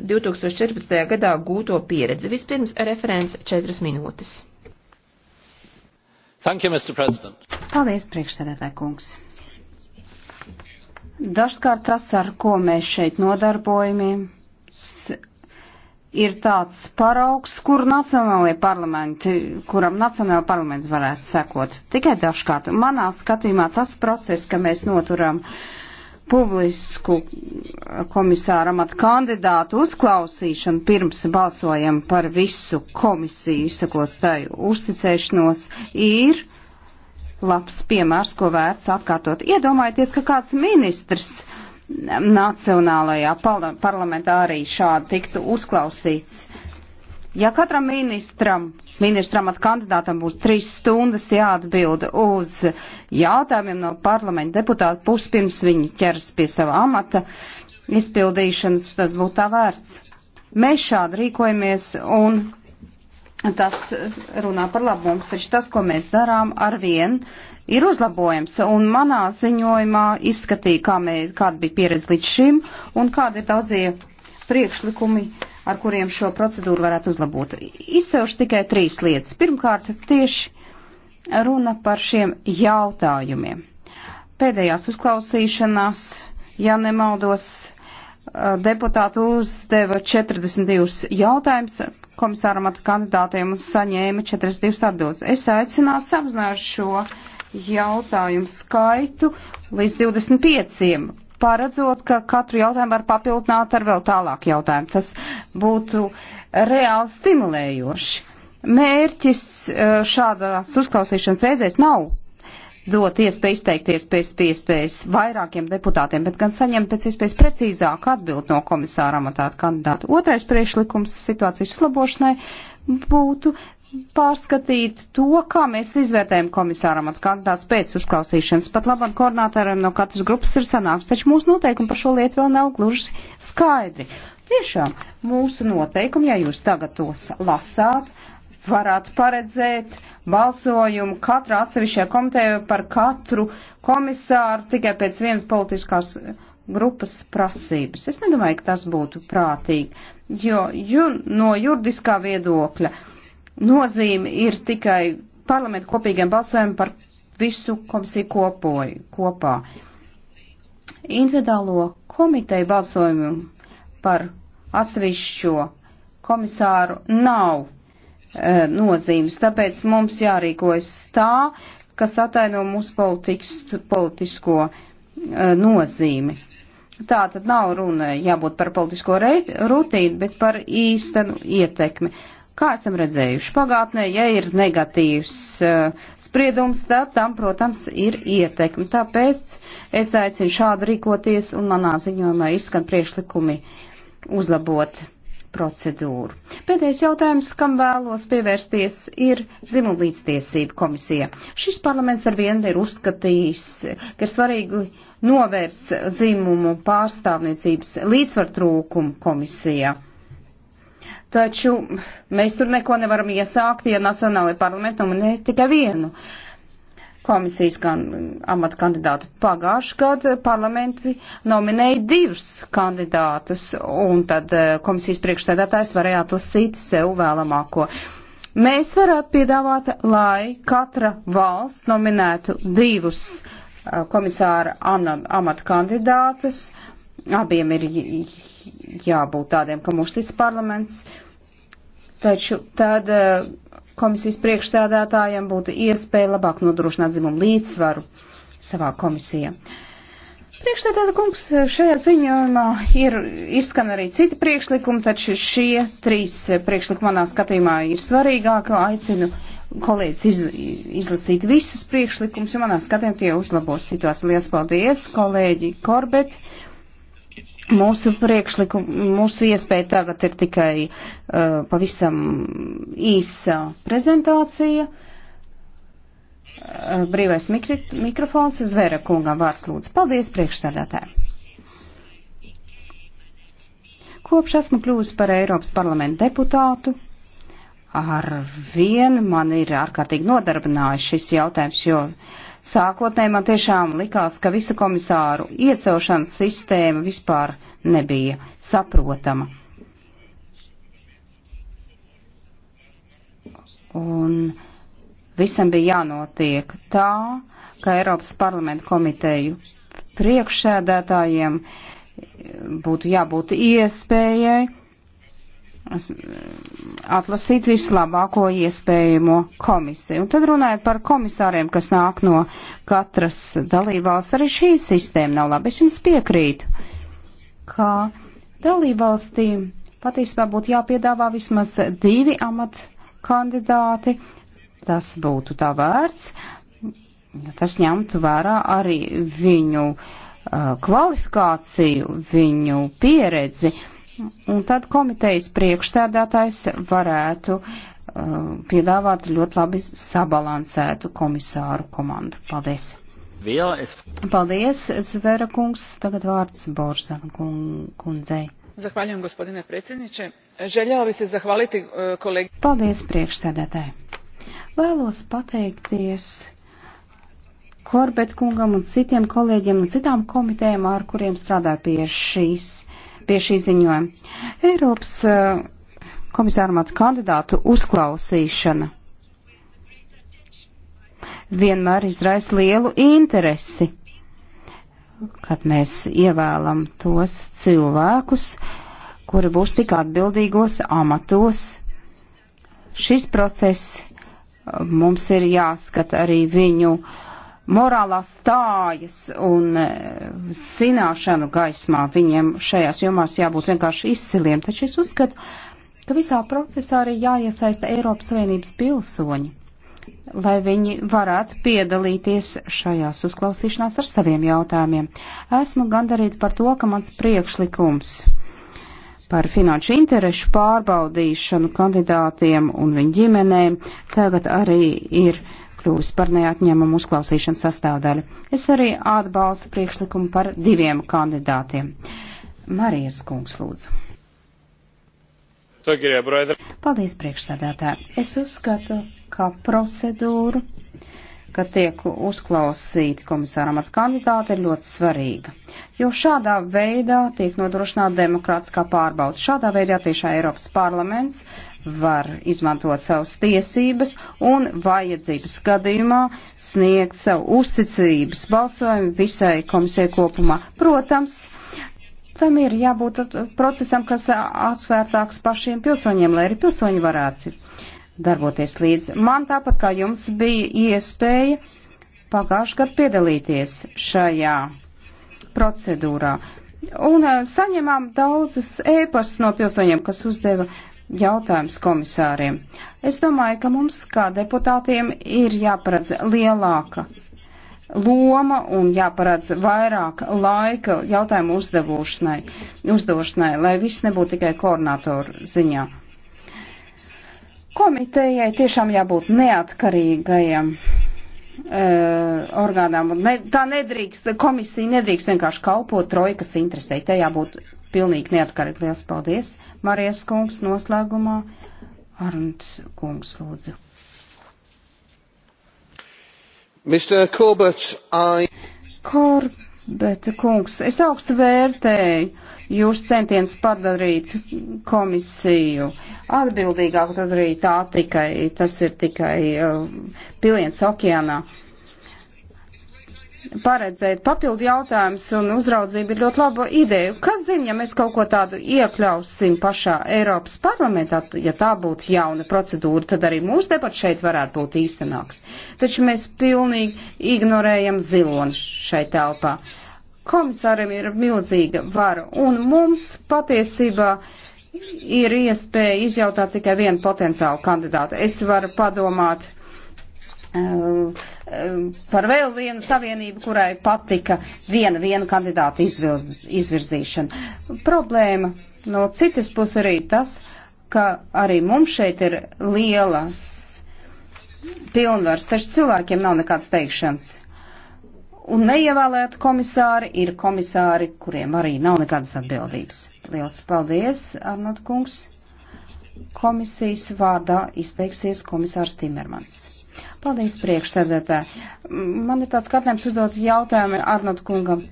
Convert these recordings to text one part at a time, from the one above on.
2014. gadā gūto pieredzi. Vispirms referents 4 minūtes. Thank you, Mr. President. Paldies, priekšsēdētāj kungs. Dažkārt tas, ar ko mēs šeit nodarbojamies, ir tāds paraugs, kur nacionālajie parlamenti, kuram nacionālajie parlamenti varētu sekot. Tikai dažkārt. Manā skatījumā tas process, ka mēs noturam uh, publisku komisāra amata kandidātu uzklausīšanu pirms balsojam par visu komisiju, sakot tai uzticēšanos, ir labs piemērs, ko vērts atkārtot. Iedomājieties, ka kāds ministrs nacionālajā parlamentā arī šādi tiktu uzklausīts. Ja katram ministram ministra amata kandidātam būs trīs stundas jāatbild uz jautājumiem no parlamenta deputāta puses, pirms viņi ķers pie sava amata izpildīšanas. Tas būtu tā vērts. Mēs šādi rīkojamies un tas runā par labu mums, taču tas, ko mēs darām, arvien ir uzlabojams. Un manā ziņojumā izskatīja, kā mē, kāda bija pieredze līdz šim un kāda ir daudzie priekšlikumi. Uh, ar kuriem šo procedūru varētu uzlabot. Izcelšu tikai trīs lietas. Pirmkārt, tieši runa par šiem jautājumiem. Pēdējās uzklausīšanās, ja nemaldos, eh, deputāti uzdeva 42 jautājumus komisāram at kandidātiem un saņēma 42 atbildes. Es aicinātu samazināt šo jautājumu skaitu līdz 25 paredzot, ka katru jautājumu var papildināt ar vēl tālāku jautājumu. Tas būtu reāli stimulējoši. Mērķis e, šādās uzklausīšanas reizēs nav dot iespēju izteikties pēc iespējas vairākiem deputātiem, bet gan saņemt pēc iespējas precīzāku atbildi no komisāra amatāta kandidāta. Otrais priekšlikums situācijas uzlabošanai būtu pārskatīt to, kā mēs izvērtējam komisāram at kandidāts pēc uzklausīšanas. Pat labam koordinātoriem no katras grupas ir sanāks, taču mūsu noteikumi par šo lietu vēl nav gluži skaidri. Tiešām mūsu noteikumi, ja jūs tagad tos lasāt, varētu paredzēt balsojumu katrā atsevišķajā komitejā par katru komisāru tikai pēc vienas politiskās grupas prasības. Es nedomāju, ka tas būtu prātīgi, jo ju, no juridiskā viedokļa nozīme ir tikai parlamentu kopīgiem balsojumiem par visu komisiju kopoju, kopā. Individuālo komiteju balsojumu par atsevišķo komisāru nav e, nozīmes, tāpēc mums jārīkojas tā, kas ataino mūsu politikas, politisko e, nozīmi. Tā tad nav runa jābūt par politisko rei, rutīnu, bet par īstenu ietekmi. Kā esam redzējuši pagātnē, ja ir negatīvs uh, spriedums, tad tam, protams, ir ietekme. Tāpēc es aicinu šādi rīkoties un manā ziņojumā izskan priekšlikumi uzlabot procedūru. Pēdējais jautājums, kam vēlos pievērsties, ir dzimumlīdztiesība komisija. Šis parlaments ar vienu ir uzskatījis, ka ir svarīgi novērst dzimumu pārstāvniecības līdzvartrūkumu komisijā. Taču mēs tur neko nevaram iesākt, ja Nacionālajā parlamentā un ne tikai vienu komisijas kan, amata kandidātu. Pagājuši gadu parlamenti nominēja divus kandidātus, un tad eh, komisijas priekšstādātājs varēja atlasīt sev vēlamāko. Mēs varētu piedāvāt, lai katra valsts nominētu divus eh, komisāra amata kandidātus. Abiem ir jābūt tādiem, ka mums līdz parlaments, taču tad eh, komisijas priekšstādātājiem būtu iespēja labāk nodrošināt dzimumu līdzsvaru savā komisijā. Priekšstādāta kungs šajā ziņojumā ir izskan arī citi priekšlikumi, taču šie trīs priekšlikumi manā skatījumā ir svarīgākie. Aicinu kolēģis iz, izlasīt visus priekšlikumus, jo manā skatījumā tie uzlabos situāciju. Lielas paldies, kolēģi Korbeti! Mūsu priekšlikuma, mūsu iespēja tagad ir tikai uh, pavisam īsa prezentācija. Uh, brīvais mikri, mikrofons Zvera kungam vārds lūdzu. Paldies priekšsēdētājiem. Kopš esmu kļūst par Eiropas parlamentu deputātu, ar vienu man ir ārkārtīgi nodarbinājis šis jautājums, jo uh, Sākotnēji man tiešām likās, ka visa komisāru iecelšanas sistēma vispār nebija saprotama. Un visam bija jānotiek tā, ka Eiropas parlamenta komiteju priekšsēdētājiem būtu jābūt iespējai Eh, atlasīt vislabāko iespējamo komisiju. Un tad runājot par komisāriem, kas nāk no katras dalībvalsts, arī šī sistēma nav labi. Es jums piekrītu, ka dalībvalstīm patiesībā būtu jāpiedāvā vismaz divi amat kandidāti. Tas būtu tā vērts. Tas ņemtu vērā arī viņu uh, kvalifikāciju, viņu pieredzi. Uh, Un tad komitejas priekšstādātājs varētu uh, piedāvāt ļoti labi sabalansētu komisāru komandu. Paldies! Paldies, Zvera kungs. Tagad vārds Borzan kundzei. Zahvaļam, gospodine predsjedniče. Željela bi se zahvaliti uh, kolegi. Paldies, priekšsēdētāji. Vēlos pateikties Korbet kungam un citiem kolēģiem un citām komitējām, ar kuriem strādāju pie šīs pie šī ziņojuma. Eiropas eh, komisāra matu kandidātu uzklausīšana vienmēr izraisa lielu interesi, kad mēs ievēlam tos cilvēkus, kuri būs tik atbildīgos amatos. Šis process eh, mums ir jāskata arī viņu uh, morālās stājas un e, zināšanu gaismā. Viņiem šajās jomās jābūt vienkārši izciliem, taču es uzskatu, ka visā procesā arī jāiesaista Eiropas Savienības pilsoņi, lai viņi varētu piedalīties šajās uzklausīšanās ar saviem jautājumiem. Esmu gandarīta par to, ka mans priekšlikums par finanšu interešu pārbaudīšanu kandidātiem un viņu ģimenēm tagad arī ir kļūst par neatņemumu uzklausīšanas sastāvdaļu. Es arī atbalstu priekšlikumu par diviem kandidātiem. Marijas kungs lūdzu. Paldies, priekšsēdētāji. Es uzskatu, ka procedūru, ka tiek uzklausīti komisāram ar kandidātu, ir ļoti svarīga. Jo šādā veidā tiek nodrošināta demokrātiskā pārbauda. Šādā veidā tiešā Eiropas parlaments var izmantot savas tiesības un vajadzības gadījumā sniegt savu uzticības balsojumu visai komisijai kopumā. Protams, tam ir jābūt procesam, kas atvērtāks pašiem pilsoņiem, lai arī pilsoņi varētu darboties līdz. Man tāpat kā jums bija iespēja pagājušajā gadā piedalīties šajā procedūrā. Un eh, saņemām daudzus ēpastus no pilsoņiem, kas uzdeva uh, jautājums komisāriem. Es domāju, ka mums kā deputātiem ir jāparedz lielāka loma un jāparedz vairāk laika jautājumu uzdevošanai, uzdošanai, lai viss nebūtu tikai koordinātoru ziņā. Komitejai tiešām jābūt neatkarīgajam e, orgānām. Ne, tā nedrīkst, komisija nedrīkst vienkārši kalpot trojkas interesē. Te jābūt pilnīgi neatkarīgi. Liels paldies! Marijas kungs noslēgumā. Arnt kungs lūdzu. Mr. Corbett, I... Corbett kungs, es augstu vērtēju jūs centienus padarīt komisiju atbildīgāku, tad arī tā tikai, tas ir tikai uh, piliens okeānā. Uh, paredzēt papildu jautājumus un uzraudzību ir ļoti laba ideja. Kas zina, ja mēs kaut ko tādu iekļausim pašā Eiropas parlamentā, ja tā būtu jauna procedūra, tad arī mūsu debats šeit varētu būt īstenāks. Taču mēs pilnīgi ignorējam zilonu šai telpā. Komisāram ir milzīga vara un mums patiesībā ir iespēja izjautāt tikai vienu potenciālu kandidātu. Es varu padomāt. Uh, par vēl vienu savienību, kurai patika viena vienu kandidātu izvilz, izvirzīšana. Problēma no citas puses arī tas, ka arī mums šeit ir lielas pilnvars, taču cilvēkiem nav nekādas teikšanas. Un neievēlēt komisāri ir komisāri, kuriem arī nav nekādas atbildības. Lielas paldies, Arnot kungs! Komisijas vārdā izteiksies komisārs Timermans. Paldies priekšsēdētāji. Man ir tāds kārtējums uzdot jautājumu Arnot kungam.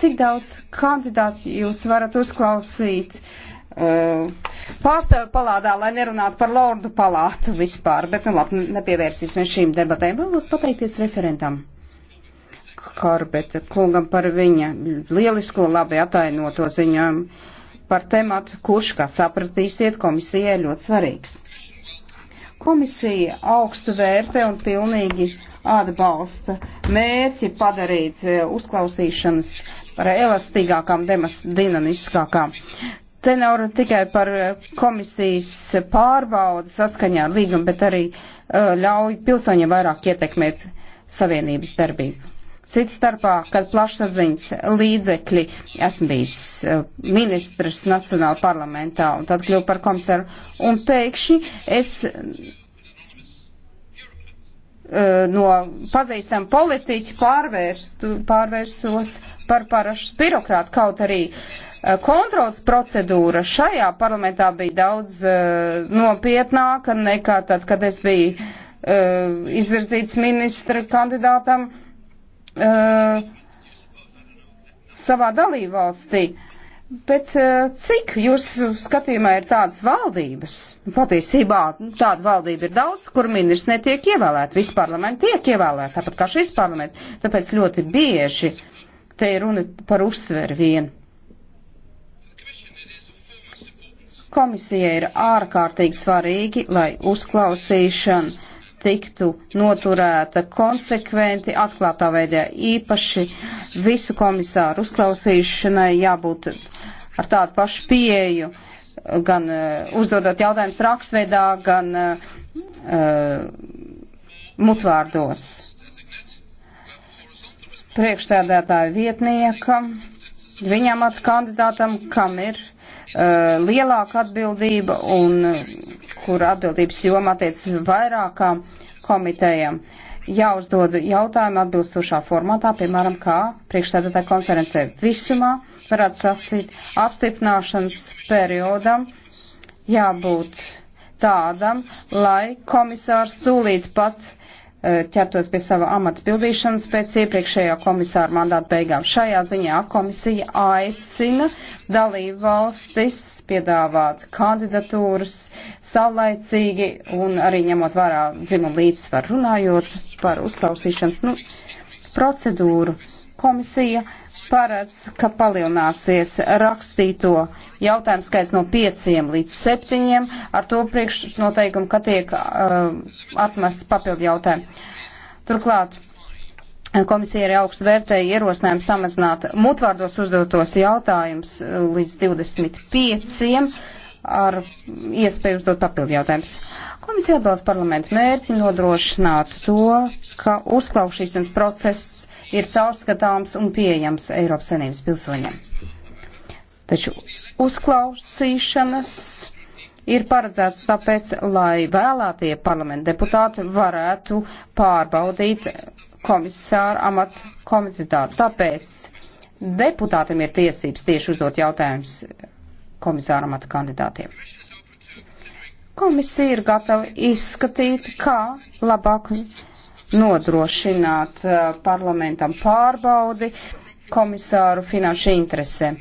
Cik daudz kandidātu jūs varat uzklausīt uh, pārstāvu palādā, lai nerunātu par lordu palātu vispār, bet nu labi, nepievērsīsimies šīm debatēm. Vēlos pateikties referentam. Korbeta kungam par viņa lielisko labi atainoto ziņojumu par tematu, kurš, kā sapratīsiet, komisijai ļoti svarīgs. Komisija augstu vērtē un pilnīgi atbalsta mērķi padarīt eh, uzklausīšanas par elastīgākām, demas, dinamiskākām. Te nav tikai par eh, komisijas pārbaudu saskaņā ar līgumu, bet arī eh, ļauj pilsoņiem vairāk ietekmēt savienības darbību. Cits starpā, kad plašsaziņas līdzekļi esmu bijis eh, ministrs Nacionāla parlamentā un tad kļuvu par komisaru. Un pēkšņi es eh, no pazīstam politiķu pārvērst, pārvērsos par parašu birokrātu, kaut arī eh, kontrols procedūra šajā parlamentā bija daudz uh, nopietnāka nekā tad, kad es biju uh, izvirzīts ministra kandidātam. Uh, uh, savā dalībvalstī. Bet uh, cik jūs skatījumā ir tādas valdības? Patiesībā nu, tāda valdība ir daudz, kur ministrs netiek ievēlēta. Viss parlaments tiek ievēlēta, tāpat kā šis parlaments. Tāpēc ļoti bieži te ir runa par uzsveri vien. Komisija ir ārkārtīgi svarīgi, lai uzklausīšana tiktu noturēta konsekventi, atklātā veidā īpaši visu komisāru uzklausīšanai jābūt ar tādu pašu pieeju, gan uh, uzdodot jautājumus rakstveidā, gan uh, mutvārdos. Priekšstādētāju vietniekam, viņam at kandidātam, kam ir Uh, lielāka atbildība un uh, kur atbildības joma attiec vairākām komitejām. Jāuzdod jautājumu atbilstošā formātā, piemēram, kā priekšstādātāja konferencē visumā, varētu sacīt, apstiprināšanas periodam jābūt tādam, lai komisārs tūlīt pat ķertos pie sava amata pildīšanas pēc iepriekšējā komisāra mandāta beigām. Šajā ziņā komisija aicina dalību valstis piedāvāt kandidatūras saulaicīgi un arī ņemot vērā dzimumu līdzsvaru runājot par uzklausīšanas nu, procedūru. Komisija uh, paredz, ka palielināsies rakstīto jautājumu skaits no pieciem līdz septiņiem, ar to priekšnoteikumu, ka tiek uh, atmest papildu jautājumu. Turklāt uh, komisija arī augstu vērtēja ierosinājumu samazināt mutvārdos uzdotos jautājumus uh, līdz 25 ar iespēju uzdot papildu jautājumus. Komisija atbalsta parlamentu mērķi nodrošināt to, ka uzklausīšanas process ir caurskatāms un pieejams Eiropas Savienības pilsoņiem. Taču uzklausīšanas ir paredzēts tāpēc, lai vēlētie parlamenta deputāti varētu pārbaudīt komisāru amatu komitetātu. Tāpēc deputātiem ir tiesības tieši uzdot jautājumus komisāra amata kandidātiem. Komisija ir gatava izskatīt, kā labāk nodrošināt uh, parlamentam pārbaudi komisāru finanšu interesēm.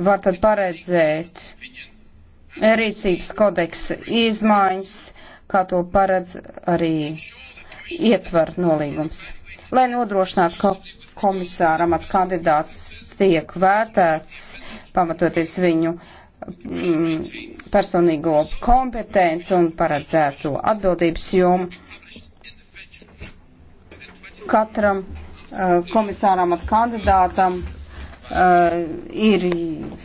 Var tad paredzēt rīcības kodeksa izmaiņas, kā to paredz arī ietver nolīgums. Lai nodrošinātu, ka komisāram at kandidāts tiek vērtēts, pamatoties viņu mm, personīgo kompetenci un paredzēto atbildības jomu katram uh, komisāram un kandidātam uh, ir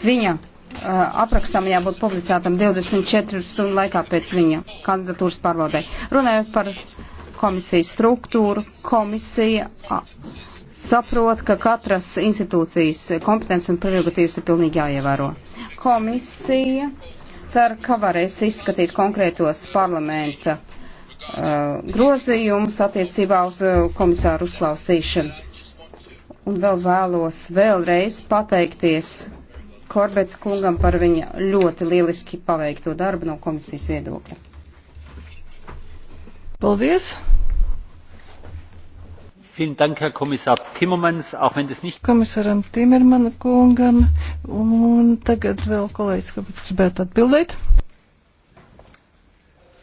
viņa uh, aprakstam jābūt publicētam 24 stundu laikā pēc viņa kandidatūras pārbaudē. Runājot par komisijas struktūru, komisija saprot, ka katras institūcijas kompetences un prerogatīvas ir pilnīgi jāievēro. Komisija cer, ka varēs izskatīt konkrētos parlamenta uh, Uh, grozījumus attiecībā uz uh, komisāru uzklausīšanu. Un vēl vēlos vēlreiz pateikties Korbeta kungam par viņa ļoti lieliski paveikto darbu no komisijas viedokļa. Paldies! Dank, Herr Kommissar Timmermans, auch wenn das nicht Komisaram Timermana kungam, un tagad vēl kolēģis, kāpēc gribētu atbildēt.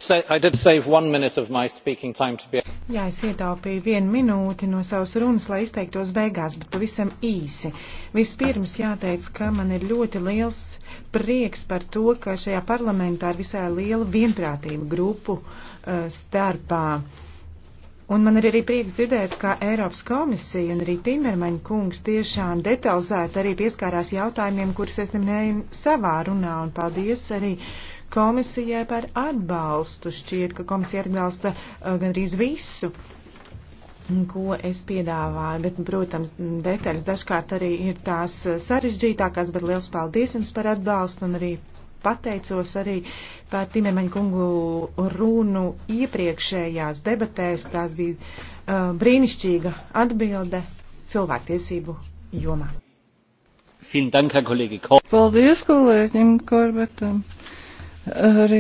Jā, es ietaupīju vienu minūti no savas runas, lai izteiktos beigās, bet pavisam īsi. Vispirms jāteic, ka man ir ļoti liels prieks par to, ka šajā parlamentā ir visai liela vienprātība grupu uh, starpā. Un man ir arī prieks dzirdēt, ka Eiropas komisija un arī Timermaņa kungs tiešām detalizēti arī pieskārās jautājumiem, kurus es neminēju savā runā, un paldies arī uh, komisijai par atbalstu. Šķiet, ka komisija atbalsta uh, gandrīz visu, ko es piedāvāju, bet, protams, detaļas dažkārt arī ir tās uh, sarežģītākās, bet liels paldies jums par atbalstu un arī pateicos arī par Timermaņa kungu runu iepriekšējās debatēs. Tās bija uh, brīnišķīga atbilde cilvēktiesību jomā. Paldies kolēģim Korbetam. Arī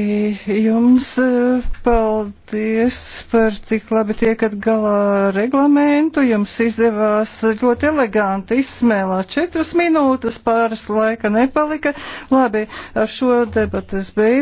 jums eh, paldies par tik labi tiekat galā reglamentu. Jums izdevās ļoti eleganti izsmēlēt četras minūtes, pāris laika nepalika. Labi, ar šo debatas beidz.